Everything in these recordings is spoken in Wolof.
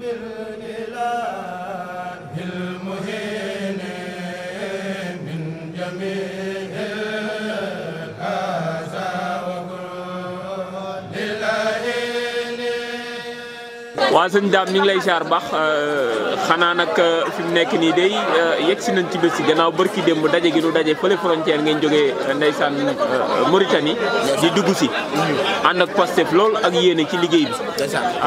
بالإله المهين من جميع waa sëñ daam ñu ngi lay jaar baax euh, xanaa nag euh, fi mu nekk nii day euh, yegg si nañ ci bés si gannaaw bërki démb daje gi nu daje fële frontière ngeen jógee ndeysaan Mauritanie di dugg si ànd ak Pastef lool ak yéene ci liggéey bi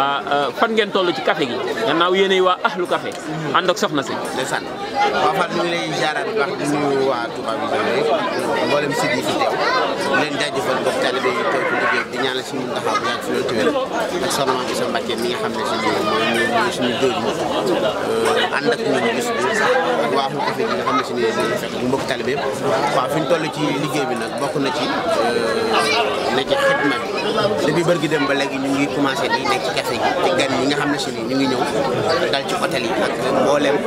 ah, fan ngeen toll ci café gi gannaaw yéene yi waa lu café mhm. ànd ak soxna si ndeysaan waaw fan ñu ngi lay siyaaraat baax di si ñaanal suñu si bi ak suñu tuwél ak soxna mi nga xam ne si mooy suñu jooju euh, ànd ak ñun gis ak waa Houka Fine nga xam ne suñu fekk bu mbokk talibé yëpp fi ñu toll ci liggéey bi nag bokk na ci euh, na ci xitma bi depuis gi dem ba léegi ñu ngi commencé di nekk ci café gi te gan yi nga xam ne suñu ñu ngi ñëw dal ci hôtel yi ak mbooleem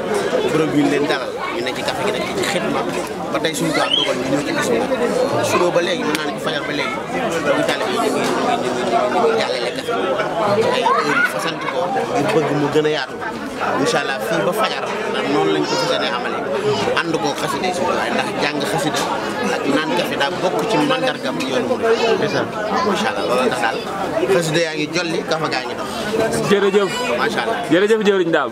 bërëb yu leen dalal ñu nekk ci café gi nag ci xitma ba tey suñu gaal dogal ñu ñëw ci bis ba léegi mën naa ci fajar ba léegi dañuy jàllale café ay heure yi fasanti ko ngir bëgg mu gën a yaatu incha allah fii ba fajar noonu lañ ko fas yéenee amale ànd ko xasida yi waaye ndax jàng xasida ak naan café daa bokk ci mandargam yoonu mu incha allah loolu tax daal xasida yaa ngi jolli kafa ngi dox jërëjëf jërëjëf jëwriñ daal